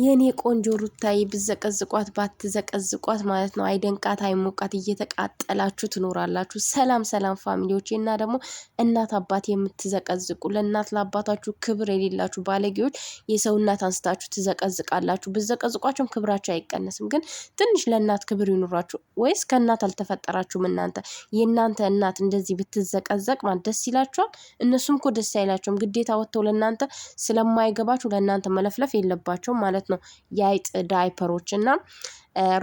የእኔ ቆንጆ ሩታዬ ብዘቀዝቋት ባትዘቀዝቋት ማለት ነው፣ አይደንቃት አይሞቃት፣ እየተቃጠላችሁ ትኖራላችሁ። ሰላም ሰላም ፋሚሊዎች እና ደግሞ እናት አባት የምትዘቀዝቁ ለእናት ለአባታችሁ ክብር የሌላችሁ ባለጌዎች የሰው እናት አንስታችሁ ትዘቀዝቃላችሁ። ብዘቀዝቋቸውም ክብራቸው አይቀነስም፣ ግን ትንሽ ለእናት ክብር ይኑራችሁ። ወይስ ከእናት አልተፈጠራችሁም እናንተ? የእናንተ እናት እንደዚህ ብትዘቀዘቅ ማለት ደስ ይላችኋል? እነሱም እኮ ደስ አይላቸውም። ግዴታ ወጥተው ለእናንተ ስለማይገባችሁ ለእናንተ መለፍለፍ የለባቸውም ማለት ማለት ነው። የአይጥ ዳይፐሮች እና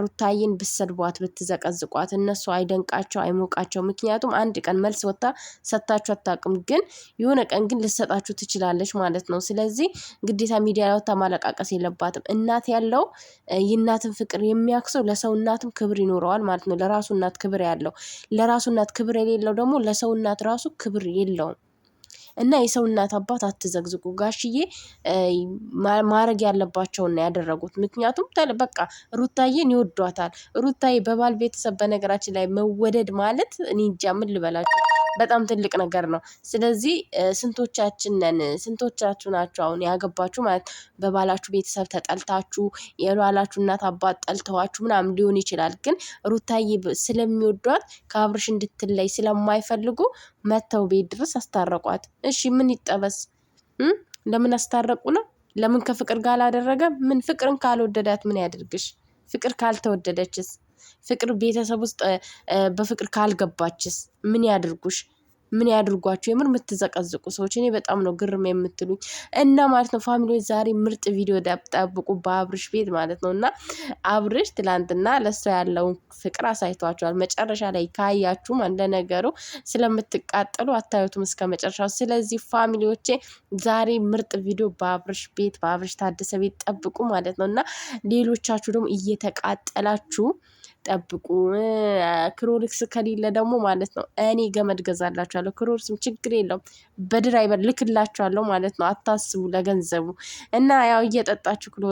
ሩታይን ብትሰድቧት ብትዘቀዝቋት እነሱ አይደንቃቸው አይሞቃቸው። ምክንያቱም አንድ ቀን መልስ ወጥታ ሰታችሁ አታውቅም፣ ግን የሆነ ቀን ግን ልሰጣችሁ ትችላለች ማለት ነው። ስለዚህ ግዴታ ሚዲያ ላይ ወጥታ ማለቃቀስ የለባትም። እናት ያለው የእናትን ፍቅር የሚያክሰው ለሰው እናትም ክብር ይኖረዋል ማለት ነው። ለራሱ እናት ክብር ያለው ለራሱ እናት ክብር የሌለው ደግሞ ለሰው እናት ራሱ ክብር የለውም። እና የሰው እናት አባት አትዘግዝቁ። ጋሽዬ ማድረግ ያለባቸውን ያደረጉት። ምክንያቱም በቃ ሩታዬን ይወዷታል። ሩታዬ በባል ቤተሰብ በነገራችን ላይ መወደድ ማለት እኔ እንጃ ምን ልበላችሁ በጣም ትልቅ ነገር ነው። ስለዚህ ስንቶቻችን ነን ስንቶቻችሁ ናችሁ አሁን ያገባችሁ ማለት በባላችሁ ቤተሰብ ተጠልታችሁ የባላችሁ እናት አባት ጠልተዋችሁ ምናምን ሊሆን ይችላል። ግን ሩታዬ ስለሚወዷት ከአብርሽ እንድትለይ ስለማይፈልጉ መተው ቤት ድረስ አስታረቋት። እሺ ምን ይጠበስ? ለምን አስታረቁ ነው? ለምን ከፍቅር ጋር አላደረገ? ምን ፍቅርን ካልወደዳት ምን ያድርግሽ? ፍቅር ካልተወደደችስ ፍቅር ቤተሰብ ውስጥ በፍቅር ካልገባችስ ምን ያድርጉሽ? ምን ያድርጓቸው? የምር የምትዘቀዝቁ ሰዎች እኔ በጣም ነው ግርም የምትሉኝ። እና ማለት ነው ፋሚሊዎች ዛሬ ምርጥ ቪዲዮ ጠብቁ በአብርሽ ቤት ማለት ነው። እና አብርሽ ትላንትና ለእሷ ያለውን ፍቅር አሳይቷቸዋል። መጨረሻ ላይ ካያችሁ ለነገሩ ስለምትቃጠሉ አታዩትም እስከ መጨረሻው። ስለዚህ ፋሚሊዎቼ ዛሬ ምርጥ ቪዲዮ በአብርሽ ቤት በአብርሽ ታደሰ ቤት ጠብቁ ማለት ነው እና ሌሎቻችሁ ደግሞ እየተቃጠላችሁ ጠብቁ። ክሮሊክስ ከሌለ ደግሞ ማለት ነው እኔ ገመድ ገዛላችኋል። ልክላቸዋለሁ። ክሮርስም ችግር የለውም በድራይበር ልክላቸዋለሁ ማለት ነው። አታስቡ ለገንዘቡ እና ያው እየጠጣችሁ ክሎ